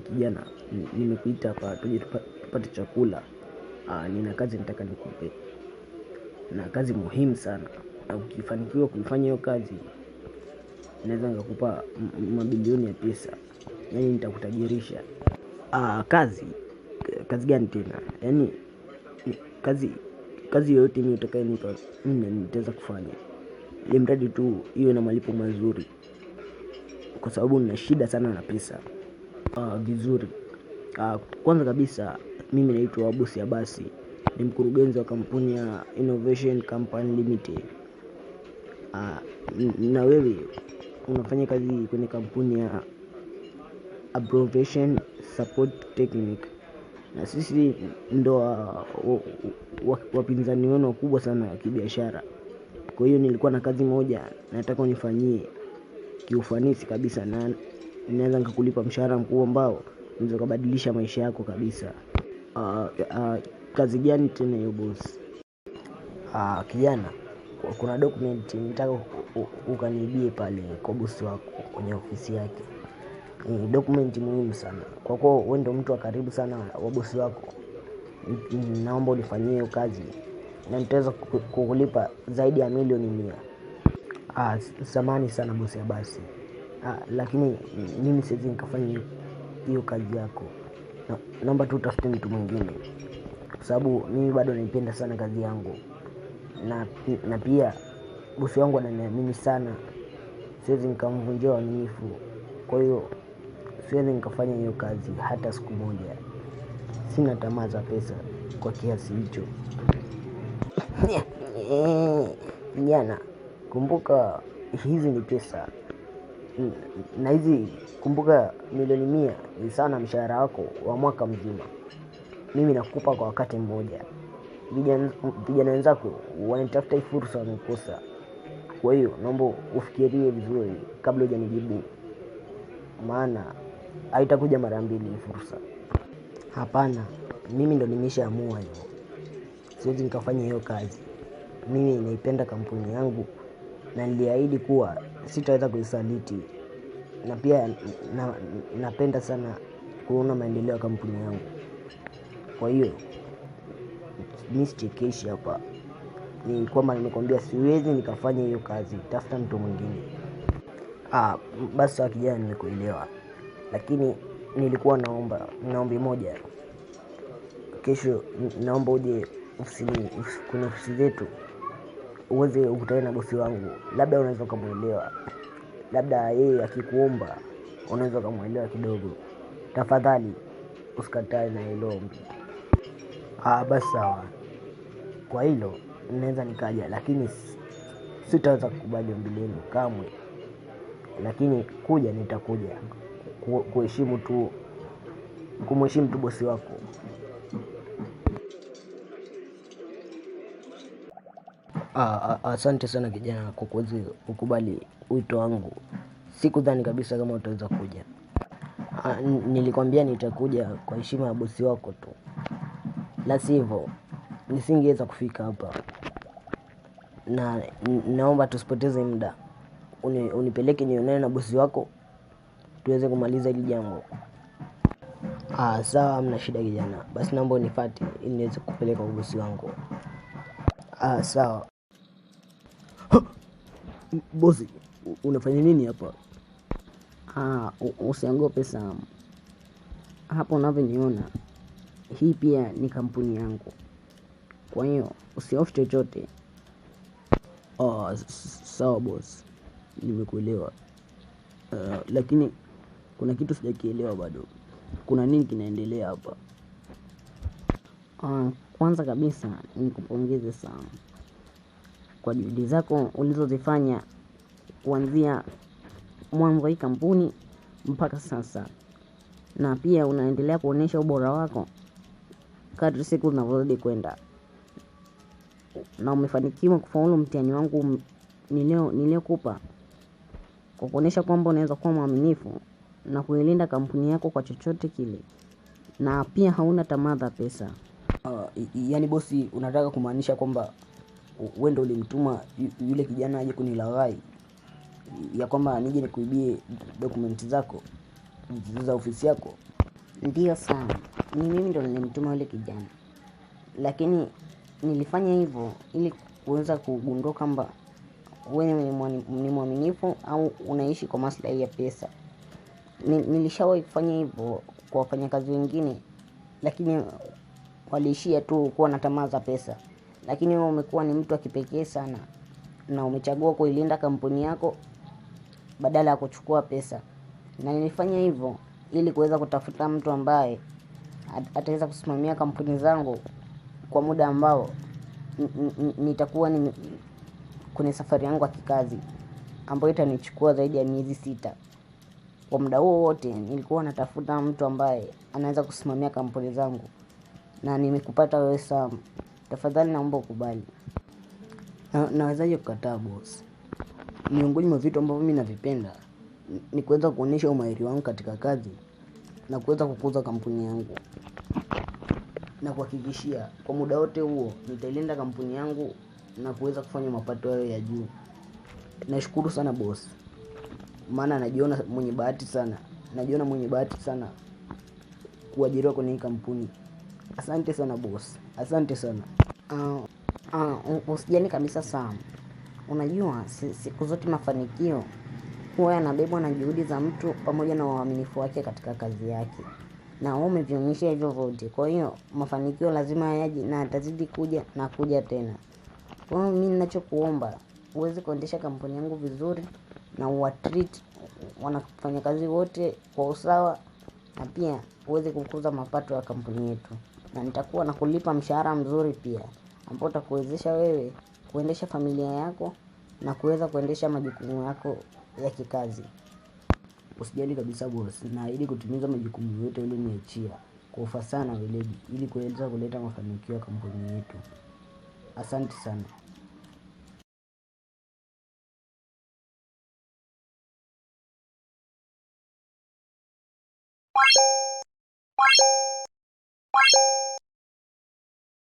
kijana, nimekuita hapa tuje tupate chakula. Aa, ah, nina kazi nataka nikupe, na kazi muhimu sana, na ukifanikiwa kuifanya hiyo kazi naweza nikakupa mabilioni ya pesa, yaani nitakutajirisha. Aa, ah, kazi kazi gani tena? yani kazi kazi yoyote mimi nitaweza kufanya, ili mradi tu iwe na malipo mazuri, kwa sababu nina shida sana na pesa. Ah, vizuri. Ah, kwanza kabisa mimi naitwa Abusi Abasi ni mkurugenzi wa kampuni ya Innovation Company Limited. Ah, na wewe unafanya kazi kwenye kampuni ya Approvision Support Technic na sisi ndo wapinzani wenu wakubwa sana wa kibiashara. Kwa hiyo nilikuwa na kazi moja nataka unifanyie kiufanisi kabisa na inaweza nikakulipa mshahara mkubwa ambao unaweza ukabadilisha maisha yako kabisa. Uh, uh, kazi gani tena hiyo bosi? Uh, ah, kijana, kuna dokumenti nitaka ukaniibie pale kwa bosi wako kwenye ofisi yake. Ni dokumenti muhimu sana kwa kuwa wewe ndio mtu wa karibu sana wa bosi wako. Naomba unifanyie hiyo kazi na nitaweza kukulipa zaidi ya milioni mia. Ah, samani sana bosi basi Ah, lakini mimi siwezi nikafanya hiyo kazi yako, naomba tu utafute mtu mwingine, kwa sababu mimi bado naipenda sana kazi yangu, na, na pia bosi wangu ananiamini sana, siwezi nikamvunjia uaminifu. Kwa hiyo siwezi nikafanya hiyo kazi hata siku moja. Sina tamaa za pesa kwa kiasi hicho. jana kumbuka hizi ni pesa na hizi kumbuka, milioni mia ni sana mshahara wako wa mwaka mzima, mimi nakupa kwa wakati mmoja. Vijana wenzako wanatafuta hii fursa, wamekosa. Kwa hiyo naomba ufikirie vizuri kabla hujanijibu, maana haitakuja mara mbili fursa. Hapana, mimi ndo nimeshaamua hivo siwezi nikafanya hiyo kazi. Mimi naipenda kampuni yangu na niliahidi kuwa sitaweza kuisaliti na pia na, napenda sana kuona maendeleo ya kampuni yangu. Kwa hiyo mischekeshi hapa, ni kwamba nimekwambia siwezi nikafanya hiyo kazi, tafuta mtu mwingine. Ah, basi sawa kijana, nimekuelewa, lakini nilikuwa naomba naombi moja, kesho naomba uje ofisini, kuna ofisi zetu uweze ukutane na bosi wangu, labda unaweza ukamwelewa labda yeye akikuomba unaweza ukamwelewa kidogo. Tafadhali usikatae na hilo ombi. Ah, basi sawa, kwa hilo naweza nikaja, lakini sitaweza kukubali ombi lenu kamwe, lakini kuja nitakuja, kuheshimu tu, kumheshimu tu bosi wako. Ah, ah, ah, asante sana kijana kwa kuweza kukubali wito wangu. Sikudhani kabisa kama utaweza kuja. Nilikwambia nitakuja kwa heshima ya bosi wako tu. La sivyo, nisingeweza kufika hapa. Na naomba tusipoteze muda. Unipeleke nionane na bosi wako. Tuweze kumaliza hili jambo. Sawa mna shida kijana. Basi naomba unifuate ili niweze kupeleka kwa bosi wangu. Sawa. Bosi, unafanya nini hapa? Ah, usiogope Sam, hapo unavyoniona hii pia ni kampuni yangu, kwa hiyo usiofu chochote. Oh, sawa bos nimekuelewa. Uh, lakini kuna kitu sijakielewa bado. Kuna nini kinaendelea hapa? Uh, kwanza kabisa nikupongeze sana kwa juhudi zako ulizozifanya kuanzia mwanzo hii kampuni mpaka sasa, na pia unaendelea kuonyesha ubora wako kadri siku zinavyozidi kwenda, na umefanikiwa kufaulu mtihani wangu niliokupa kwa kuonyesha kwamba unaweza kuwa mwaminifu na kuilinda kampuni yako kwa chochote kile, na pia hauna tamaa za pesa. Uh, yaani bosi, unataka kumaanisha kwamba wewe ndio ulimtuma yule kijana aje kunilaghai ya kwamba nije nikuibie dokumenti zako za ofisi yako? ndio sana, ni mimi ndo nilimtuma yule kijana, lakini nilifanya hivyo ili kuweza kugundua kwamba wewe ni mwaminifu au unaishi kwa maslahi ya pesa. Nilishawahi kufanya hivyo kwa wafanyakazi wengine, lakini waliishia tu kuwa na tamaa za pesa lakini wewe umekuwa ni mtu wa kipekee sana na umechagua kuilinda kampuni yako badala ya kuchukua pesa, na nilifanya hivyo ili kuweza kutafuta mtu ambaye ataweza kusimamia kampuni zangu kwa muda ambao nitakuwa ni kwenye safari yangu ya kikazi ambayo itanichukua zaidi ya miezi sita. Kwa muda huo wote nilikuwa natafuta mtu ambaye anaweza kusimamia kampuni zangu na nimekupata wewe Sam. Tafadhali naomba ukubali. Na, nawezaje kukataa boss? Miongoni mwa vitu ambavyo mimi navipenda ni kuweza kuonyesha umahiri wangu katika kazi na kuweza kukuza kampuni yangu, na kuhakikishia kwa muda wote huo nitailinda kampuni yangu na kuweza kufanya mapato hayo ya juu. Nashukuru sana boss, maana najiona mwenye bahati sana, najiona mwenye bahati sana kuajiriwa kwenye hii kampuni. Asante sana boss. Asante sana. Uh, ah, ah, uh, usijani kabisa Sam. Unajua siku zote mafanikio huwa yanabebwa na juhudi za mtu pamoja na uaminifu wake katika kazi yake, na wewe umevionyesha hivyo vote Kwa hiyo mafanikio lazima yaje na atazidi kuja na kuja tena. Kwa hiyo mimi ninachokuomba uweze kuendesha kampuni yangu vizuri na uwatreat wanafanyakazi wote kwa usawa na pia uweze kukuza mapato ya kampuni yetu na nitakuwa na kulipa mshahara mzuri pia ambao utakuwezesha wewe kuendesha familia yako na kuweza kuendesha majukumu yako ya kikazi. Usijali kabisa boss, naahidi kutimiza majukumu yote uliniachia kwa ufasaha na weledi ili kuweza kuleta mafanikio ya kampuni yetu. Asante sana.